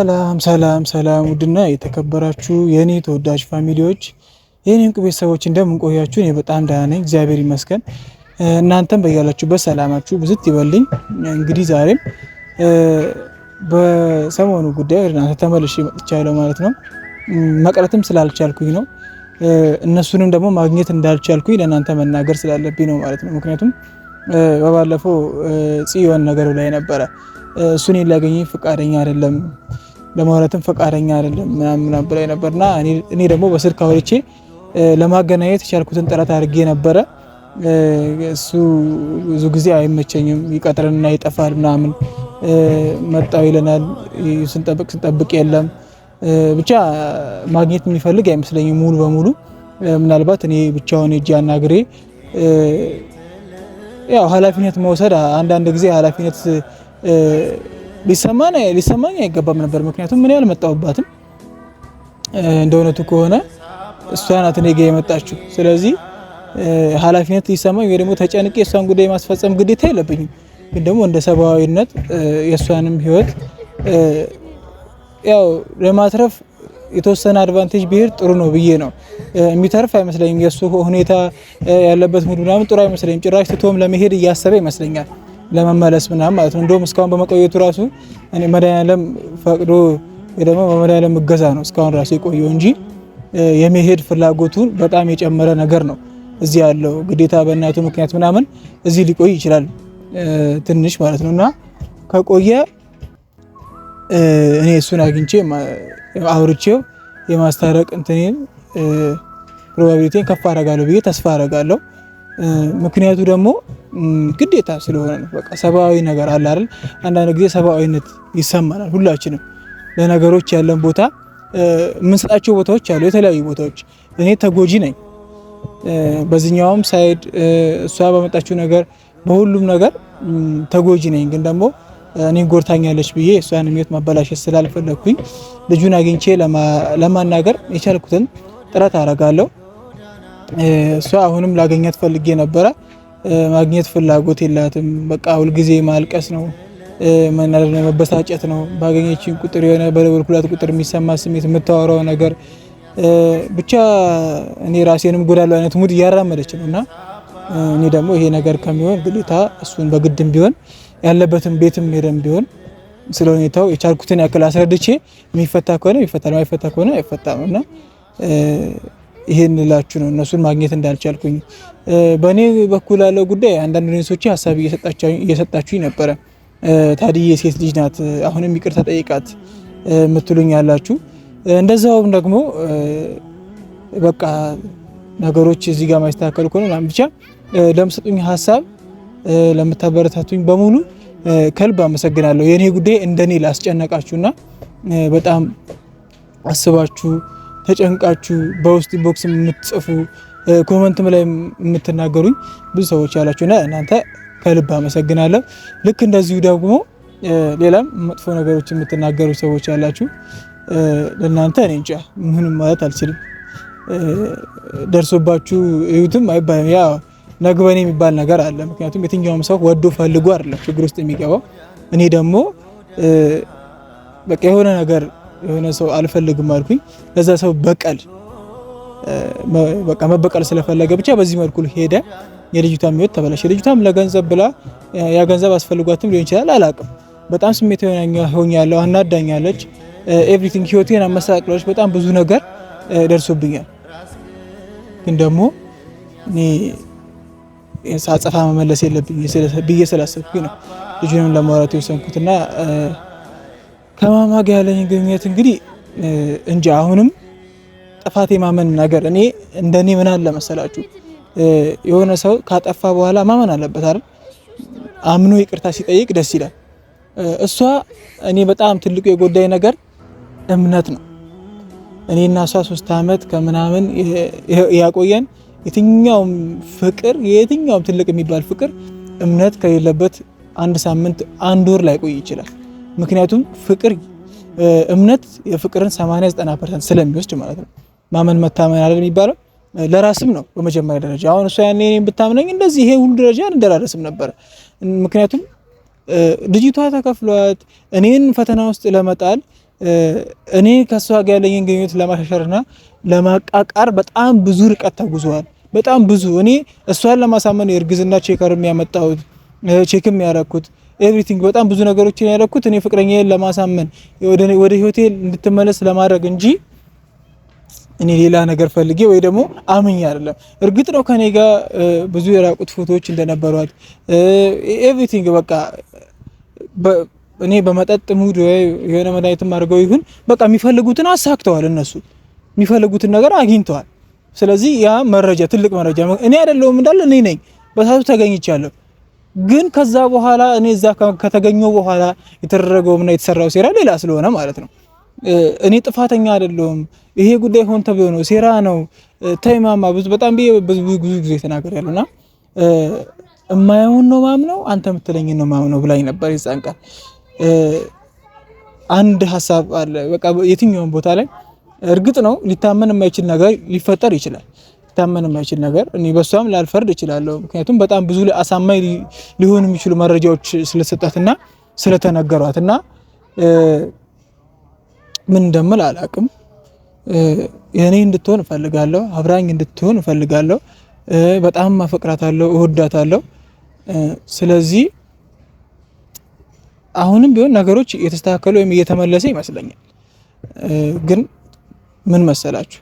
ሰላም ሰላም ሰላም ውድና የተከበራችሁ የእኔ ተወዳጅ ፋሚሊዎች የእኔ እንቁ ቤተሰቦች እንደምን ቆያችሁ? እኔ በጣም ደህና ነኝ፣ እግዚአብሔር ይመስገን። እናንተም በያላችሁበት ሰላማችሁ ብዝት ይበልኝ። እንግዲህ ዛሬም በሰሞኑ ጉዳይ እናንተ ተመልሼ መጥቻለሁ ማለት ነው። መቅረትም ስላልቻልኩኝ ነው፣ እነሱንም ደግሞ ማግኘት እንዳልቻልኩኝ ለእናንተ መናገር ስላለብኝ ነው ማለት ነው። ምክንያቱም በባለፈው ጽዮን ነገሩ ላይ ነበረ፣ እሱን ላገኘ ፈቃደኛ አይደለም ለማውራትም ፈቃደኛ አይደለም ምናምን ብላኝ ነበርና እኔ ደግሞ በስልክ አውርቼ ለማገናኘት የቻልኩትን ጥረት አድርጌ ነበረ። እሱ ብዙ ጊዜ አይመቸኝም፣ ይቀጥርና ይጠፋል ምናምን መጣው ይለናል። ስንጠብቅ ስንጠብቅ የለም። ብቻ ማግኘት የሚፈልግ አይመስለኝም ሙሉ በሙሉ ምናልባት እኔ ብቻውን እጅ አናግሬ ያው ኃላፊነት መውሰድ አንዳንድ ጊዜ ኃላፊነት ሊሰማን ሊሰማኝ አይገባም ነበር። ምክንያቱም ምን አልመጣሁባትም። እንደ እውነቱ ከሆነ እሷ ናት እኔ ጋ የመጣችው። ስለዚህ ኃላፊነት ሊሰማኝ ወይ ደግሞ ተጨንቄ የእሷን ጉዳይ ማስፈጸም ግዴታ የለብኝም። ግን ደግሞ እንደ ሰብአዊነት የእሷንም ህይወት ያው ለማትረፍ የተወሰነ አድቫንቴጅ ብሄር ጥሩ ነው ብዬ ነው። የሚተርፍ አይመስለኝም። የእሱ ሁኔታ ያለበት ሙድ ምናምን ጥሩ አይመስለኝም። ጭራሽ ትቶም ለመሄድ እያሰበ ይመስለኛል። ለመመለስ ምናምን ማለት ነው። እንደውም እስካሁን በመቆየቱ ራሱ እኔ መድኃኒዓለም ፈቅዶ ደግሞ በመድኃኒዓለም እገዛ ነው እስካሁን ራሱ የቆየው እንጂ የመሄድ ፍላጎቱን በጣም የጨመረ ነገር ነው። እዚህ ያለው ግዴታ በእናቱ ምክንያት ምናምን እዚህ ሊቆይ ይችላል ትንሽ ማለት ነው እና ከቆየ እኔ እሱን አግኝቼ አውርቼው የማስታረቅ እንትኔን ፕሮባቢሊቲን ከፍ አረጋለሁ ብዬ ተስፋ አረጋለሁ። ምክንያቱ ደግሞ ግዴታ ስለሆነ ነው። በቃ ሰብአዊ ነገር አለ አይደል? አንዳንድ ጊዜ ሰብአዊነት ይሰማናል ሁላችንም። ለነገሮች ያለን ቦታ የምንሰጣቸው ቦታዎች አሉ፣ የተለያዩ ቦታዎች። እኔ ተጎጂ ነኝ በዚህኛውም ሳይድ እሷ በመጣችው ነገር በሁሉም ነገር ተጎጂ ነኝ። ግን ደግሞ እኔን ጎርታኛለች ብዬ እሷን ሕይወት ማበላሸት ስላልፈለግኩኝ ልጁን አግኝቼ ለማናገር የቻልኩትን ጥረት አደርጋለሁ። እሷ አሁንም ላገኛት ፈልጌ ነበረ። ማግኘት ፍላጎት የላትም። በቃ ሁልጊዜ ማልቀስ ነው፣ መናደድ ነው፣ መበሳጨት ነው። ባገኘችን ቁጥር የሆነ በደወልኩላት ቁጥር የሚሰማ ስሜት፣ የምታወራው ነገር ብቻ እኔ ራሴንም ጎዳለሁ አይነት ሙድ እያራመደች ነው እና እኔ ደግሞ ይሄ ነገር ከሚሆን ግዴታ እሱን በግድም ቢሆን ያለበትም ቤትም ሄደም ቢሆን ስለ ሁኔታው የቻልኩትን ያክል አስረድቼ የሚፈታ ከሆነ ይፈታል፣ ማይፈታ ከሆነ አይፈታም እና ይሄን ላችሁ ነው እነሱን ማግኘት እንዳልቻልኩኝ። በእኔ በኩል ያለው ጉዳይ አንዳንድ ሁኔቶች ሀሳብ እየሰጣችሁኝ ነበረ። ታድዬ ሴት ልጅ ናት፣ አሁንም ይቅርታ ጠይቃት የምትሉኝ ያላችሁ፣ እንደዛውም ደግሞ በቃ ነገሮች እዚህ ጋር ማይስተካከሉ ከሆነ ምናምን ብቻ ለምሰጡኝ ሀሳብ ለምታበረታቱኝ በሙሉ ከልብ አመሰግናለሁ። የእኔ ጉዳይ እንደኔ ላስጨነቃችሁና በጣም አስባችሁ ተጨንቃችሁ በውስጥ ቦክስ የምትጽፉ ኮመንትም ላይ የምትናገሩኝ ብዙ ሰዎች ያላችሁና እናንተ ከልብ አመሰግናለሁ። ልክ እንደዚሁ ደግሞ ሌላም መጥፎ ነገሮች የምትናገሩ ሰዎች ያላችሁ ለእናንተ እኔ እንጃ ምንም ማለት አልችልም። ደርሶባችሁ እዩትም አይባልም። ያ ነግበኔ የሚባል ነገር አለ። ምክንያቱም የትኛውም ሰው ወዶ ፈልጎ አይደለም ችግር ውስጥ የሚገባው። እኔ ደግሞ በቃ የሆነ ነገር የሆነ ሰው አልፈልግም አልኩኝ። ለዛ ሰው በቀል በቃ መበቀል ስለፈለገ ብቻ በዚህ መልኩ ሄደ። የልጅቷም ህይወት ተበላሽ። የልጅቷም ለገንዘብ ብላ ያ ገንዘብ አስፈልጓትም ሊሆን ይችላል አላውቅም። በጣም ስሜት ሆኛለሁ፣ አናዳኛለች፣ ኤቭሪቲንግ ህይወቴን አመሳቅላለች። በጣም ብዙ ነገር ደርሶብኛል። ግን ደግሞ እኔ ሳጸፋ መመለስ የለብኝ ብዬ ስላሰብኩኝ ነው ልጁንም ለማውራት የወሰንኩትና ከማማ ጋር ያለኝ ግንኙነት እንግዲህ እንጂ አሁንም ጥፋት የማመን ነገር እኔ እንደኔ ምን አለ መሰላችሁ የሆነ ሰው ካጠፋ በኋላ ማመን አለበት አይደል? አምኖ ይቅርታ ሲጠይቅ ደስ ይላል። እሷ እኔ በጣም ትልቁ የጎዳይ ነገር እምነት ነው። እኔ እና እሷ ሶስት አመት ከምናምን ያቆየን የትኛውም ፍቅር የትኛውም ትልቅ የሚባል ፍቅር እምነት ከሌለበት አንድ ሳምንት አንድ ወር ላይ ቆይ ይችላል። ምክንያቱም ፍቅር እምነት የፍቅርን 89 ፐርሰንት ስለሚወስድ ማለት ነው። ማመን መታመን አይደል የሚባለው ለራስም ነው በመጀመሪያ ደረጃ። አሁን እሷ ያኔ እኔን ብታምነኝ እንደዚህ ይሄ ሁሉ ደረጃ እንደራረስም ነበረ። ምክንያቱም ልጅቷ ተከፍሏት እኔን ፈተና ውስጥ ለመጣል እኔ ከሷ ጋር ያለኝን ግንኙነት ለማሻሻልና ለማቃቃር በጣም ብዙ ርቀት ተጉዘዋል። በጣም ብዙ እኔ እሷን ለማሳመን የእርግዝና ቼከር የሚያመጣሁት ቼክም ያረኩት ኤቭሪቲንግ በጣም ብዙ ነገሮችን ያደረኩት እኔ ፍቅረኛዬን ለማሳመን ወደ ህይወቴ እንድትመለስ ለማድረግ እንጂ እኔ ሌላ ነገር ፈልጌ ወይ ደግሞ አምኜ አይደለም። እርግጥ ነው ከኔ ጋር ብዙ የራቁት ፎቶዎች እንደነበሯት ኤቭሪቲንግ በቃ እኔ በመጠጥ ሙድ ወይ የሆነ መድኃኒትም አድርገው ይሁን በቃ የሚፈልጉትን አሳክተዋል። እነሱ የሚፈልጉትን ነገር አግኝተዋል። ስለዚህ ያ መረጃ ትልቅ መረጃ እኔ አይደለሁም እንዳለ እኔ ነኝ በሳቱ ተገኝቻለሁ። ግን ከዛ በኋላ እኔ እዛ ከተገኘው በኋላ የተደረገውና የተሰራው ሴራ ሌላ ስለሆነ ማለት ነው። እኔ ጥፋተኛ አይደለሁም፣ ይሄ ጉዳይ ሆን ተብሎ ነው፣ ሴራ ነው፣ ተይ ብዙ በጣም ብዙ ጊዜ ተናገር ያለና እማየውን ነው ማምነው፣ አንተ የምትለኝ ነው ማምነው ብላኝ ነበር። የዛን ቃል አንድ ሀሳብ አለ። በቃ የትኛውም ቦታ ላይ እርግጥ ነው ሊታመን የማይችል ነገር ሊፈጠር ይችላል። ሊታመን የማይችል ነገር እኔ በሷም ላልፈርድ እችላለሁ። ምክንያቱም በጣም ብዙ አሳማኝ ሊሆን የሚችሉ መረጃዎች ስለሰጣትና ስለተነገሯት እና ምን እንደምል አላቅም። እኔ እንድትሆን እፈልጋለሁ። አብራኝ እንድትሆን እፈልጋለሁ። በጣም አፈቅራታለሁ፣ እወዳታለሁ። ስለዚህ አሁንም ቢሆን ነገሮች እየተስተካከሉ ወይም እየተመለሰ ይመስለኛል። ግን ምን መሰላችሁ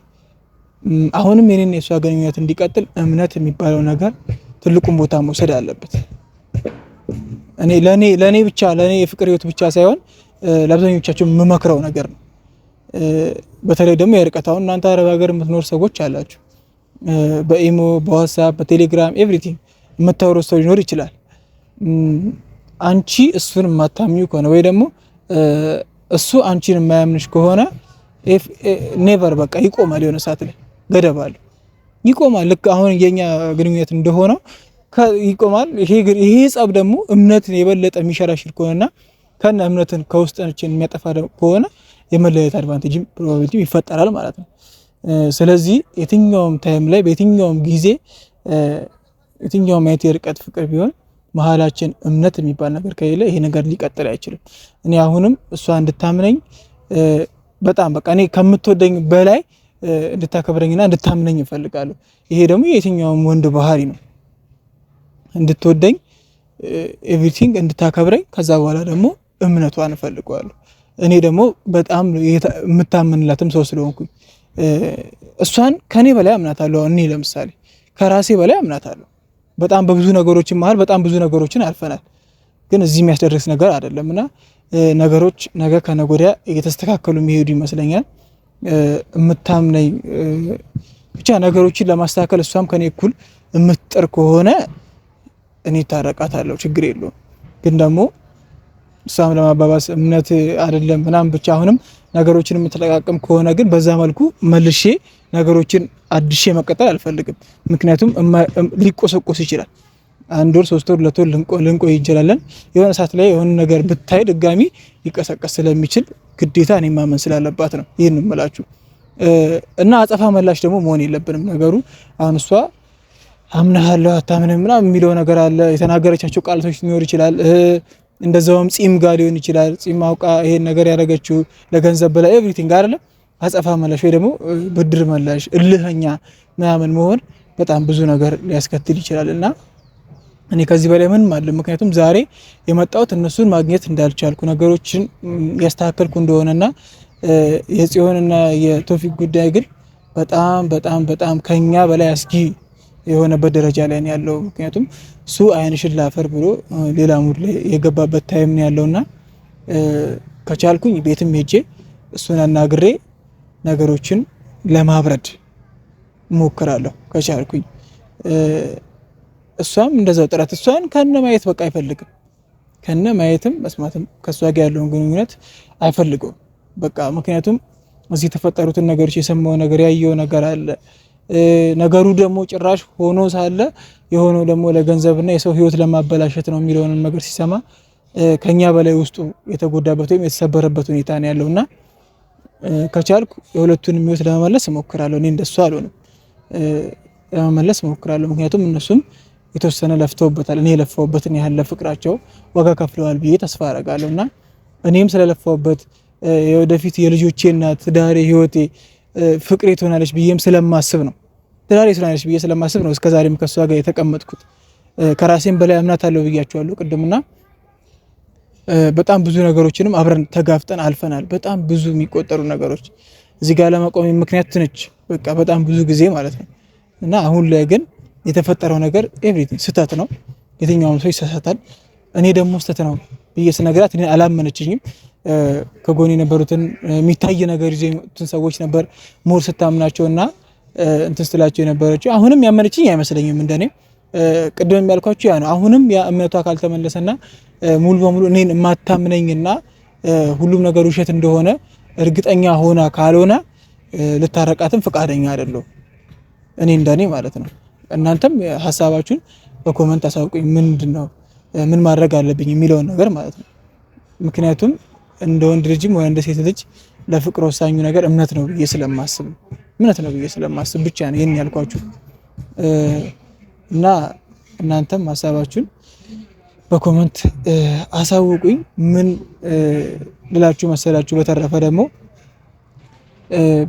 አሁንም የኔን የእሷ ግንኙነት እንዲቀጥል እምነት የሚባለው ነገር ትልቁን ቦታ መውሰድ አለበት። እኔ ለእኔ ለእኔ ብቻ ለእኔ የፍቅር ህይወት ብቻ ሳይሆን ለአብዛኞቻቸው የምመክረው ነገር ነው። በተለይ ደግሞ የርቀት አሁን እናንተ አረብ ሀገር የምትኖር ሰዎች አላችሁ። በኢሞ በዋትሳፕ በቴሌግራም ኤቭሪቲንግ የምታወሩ ሰው ሊኖር ይችላል። አንቺ እሱን የማታምኙ ከሆነ ወይ ደግሞ እሱ አንቺን የማያምንሽ ከሆነ ኔቨር በቃ ይቆማል የሆነ ሰዓት ላይ ገደብ አለው። ይቆማል። ልክ አሁን የኛ ግንኙነት እንደሆነው ይቆማል። ይሄ ጸብ ደግሞ እምነትን የበለጠ የሚሸራሽር ከሆነና ከነ እምነትን ከውስጣችን የሚያጠፋ ከሆነ የመለያየት አድቫንቴጅ ፕሮባቢሊቲ ይፈጠራል ማለት ነው። ስለዚህ የትኛውም ታይም ላይ በየትኛውም ጊዜ የትኛውም አይነት የርቀት ፍቅር ቢሆን መሀላችን እምነት የሚባል ነገር ከሌለ ይሄ ነገር ሊቀጥል አይችልም። እኔ አሁንም እሷ እንድታምነኝ በጣም በቃ እኔ ከምትወደኝ በላይ እንድታከብረኝና እንድታምነኝ እፈልጋለሁ። ይሄ ደግሞ የትኛውም ወንድ ባህሪ ነው። እንድትወደኝ ኤቭሪቲንግ እንድታከብረኝ፣ ከዛ በኋላ ደግሞ እምነቷን እፈልገዋለሁ። እኔ ደግሞ በጣም የምታምንላትም ሰው ስለሆንኩኝ እሷን ከኔ በላይ አምናታለሁ። እኔ ለምሳሌ ከራሴ በላይ አምናታለሁ። በጣም በብዙ ነገሮችን መሀል በጣም ብዙ ነገሮችን አልፈናል፣ ግን እዚህ የሚያስደርስ ነገር አይደለም እና ነገሮች ነገ ከነገ ወዲያ እየተስተካከሉ የሚሄዱ ይመስለኛል። የምታምነኝ ብቻ ነገሮችን ለማስተካከል እሷም ከኔ እኩል የምትጥር ከሆነ እኔ ታረቃታለሁ፣ ችግር የለውም። ግን ደግሞ እሷም ለማባባስ እምነት አይደለም ምናምን ብቻ አሁንም ነገሮችን የምትለቃቅም ከሆነ ግን በዛ መልኩ መልሼ ነገሮችን አድሼ መቀጠል አልፈልግም። ምክንያቱም ሊቆሰቆስ ይችላል። አንድ ወር ሶስት ወር ሁለት ወር ልንቆይ እንችላለን። የሆነ ሰዓት ላይ የሆነ ነገር ብታይ ድጋሚ ሊቀሰቀስ ስለሚችል ግዴታ እኔ ማመን ስላለባት ነው ይህን እምላችሁ እና አጸፋ መላሽ ደግሞ መሆን የለብንም ነገሩ አሁን እሷ አምናለሁ አታምንም ምናምን የሚለው ነገር አለ። የተናገረቻቸው ቃላቶች ሊኖር ይችላል። እንደዛውም ጺም ጋር ሊሆን ይችላል። ጺም አውቃ ይሄን ነገር ያደረገችው ለገንዘብ ብላ ኤቭሪቲንግ አይደለም። አጸፋ መላሽ ወይ ደግሞ ብድር መላሽ እልህኛ ምናምን መሆን በጣም ብዙ ነገር ሊያስከትል ይችላል እና እኔ ከዚህ በላይ ምንም አለ። ምክንያቱም ዛሬ የመጣሁት እነሱን ማግኘት እንዳልቻልኩ ነገሮችን ያስተካከልኩ እንደሆነና የጽዮንና የቶፊክ ጉዳይ ግን በጣም በጣም በጣም ከኛ በላይ አስጊ የሆነበት ደረጃ ላይ ነው ያለው። ምክንያቱም እሱ አይንሽን ላፈር ብሎ ሌላ ሙድ ላይ የገባበት ታይም ነው ያለውና ከቻልኩኝ ቤትም ሄጄ እሱን አናግሬ ነገሮችን ለማብረድ እሞክራለሁ ከቻልኩኝ እሷም እንደዛው ጥረት እሷን ከነ ማየት በቃ አይፈልግም። ከነ ማየትም መስማትም ከእሷ ጋር ያለውን ግንኙነት አይፈልገውም በቃ ምክንያቱም እዚህ የተፈጠሩትን ነገሮች የሰማው ነገር ያየው ነገር አለ። ነገሩ ደግሞ ጭራሽ ሆኖ ሳለ የሆነው ደግሞ ለገንዘብና የሰው ህይወት ለማበላሸት ነው የሚለውንም ነገር ሲሰማ ከኛ በላይ ውስጡ የተጎዳበት ወይም የተሰበረበት ሁኔታ ነው ያለው እና ከቻልኩ የሁለቱን ሕይወት ለመመለስ እሞክራለሁ። እኔ እንደሱ አልሆንም፣ ለመመለስ እሞክራለሁ። ምክንያቱም እነሱም የተወሰነ ለፍተውበታል። እኔ የለፋውበትን ያህል ለፍቅራቸው ዋጋ ከፍለዋል ብዬ ተስፋ አረጋለሁ እና እኔም ስለለፋውበት የወደፊት የልጆቼ እናት ትዳሬ፣ ህይወቴ፣ ፍቅሬ ትሆናለች ብዬም ስለማስብ ነው ትዳሬ ትሆናለች ብዬ ስለማስብ ነው እስከዛሬም ከእሷ ጋር የተቀመጥኩት። ከራሴም በላይ እምነት አለው ብያቸዋለሁ ቅድምና በጣም ብዙ ነገሮችንም አብረን ተጋፍጠን አልፈናል። በጣም ብዙ የሚቆጠሩ ነገሮች እዚህ ጋር ለመቆም ምክንያት ትንች በቃ በጣም ብዙ ጊዜ ማለት ነው እና አሁን ላይ ግን የተፈጠረው ነገር ኤቭሪቲንግ ስህተት ነው። የትኛውም ሰው ይሳሳታል። እኔ ደግሞ ስህተት ነው ብዬ ስነግራት እኔ አላመነችኝም። ከጎን የነበሩትን የሚታይ ነገር ይዞ የመጡትን ሰዎች ነበር ሞር ስታምናቸው እና እንትን ስትላቸው የነበረችው። አሁንም ያመነችኝ አይመስለኝም። እንደኔ ቅድም ያልኳችሁ ያ ነው። አሁንም ያ እምነቷ ካልተመለሰና ሙሉ በሙሉ እኔን የማታምነኝና ሁሉም ነገር ውሸት እንደሆነ እርግጠኛ ሆና ካልሆነ ልታረቃትም ፈቃደኛ አይደለሁም እኔ እንደኔ ማለት ነው። እናንተም ሀሳባችሁን በኮመንት አሳውቁኝ። ምንድን ነው ምን ማድረግ አለብኝ የሚለውን ነገር ማለት ነው። ምክንያቱም እንደ ወንድ ልጅም ወይ እንደ ሴት ልጅ ለፍቅር ወሳኙ ነገር እምነት ነው ብዬ ስለማስብ እምነት ነው ብዬ ስለማስብ ብቻ ነው ይህን ያልኳችሁ እና እናንተም ሀሳባችሁን በኮመንት አሳውቁኝ። ምን ልላችሁ መሰላችሁ? በተረፈ ደግሞ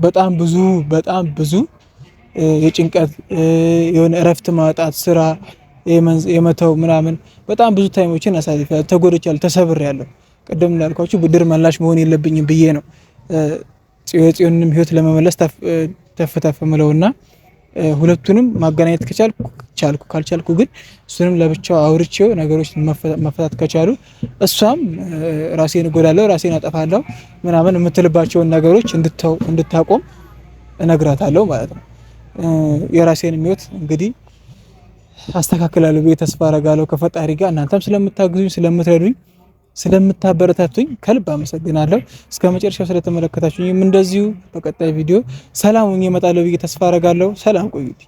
በጣም ብዙ በጣም ብዙ የጭንቀት የሆነ እረፍት ማጣት፣ ስራ የመተው ምናምን በጣም ብዙ ታይሞችን አሳልፌያለሁ። ተጎድቻለሁ፣ ተሰብሬያለሁ። ቅድም እንዳልኳችሁ ብድር መላሽ መሆን የለብኝም ብዬ ነው የጽዮንንም ህይወት ለመመለስ ተፍተፍ ምለውና ሁለቱንም ማገናኘት ከቻልኩ ቻልኩ፣ ካልቻልኩ ግን እሱንም ለብቻው አውርቼው ነገሮች መፈታት ከቻሉ እሷም ራሴን እጎዳለሁ፣ ራሴን አጠፋለሁ ምናምን የምትልባቸውን ነገሮች እንድታቆም እነግራታለሁ ማለት ነው። የራሴን ህይወት እንግዲህ አስተካክላለሁ ብዬ ተስፋ አረጋለሁ ከፈጣሪ ጋር። እናንተም ስለምታግዙኝ፣ ስለምትረዱኝ፣ ስለምታበረታቱኝ ከልብ አመሰግናለሁ። እስከ መጨረሻው ስለተመለከታችሁኝም እንደዚሁ በቀጣይ ቪዲዮ ሰላም ሆኜ እመጣለሁ ብዬ ተስፋ አረጋለሁ። ሰላም ቆዩልኝ።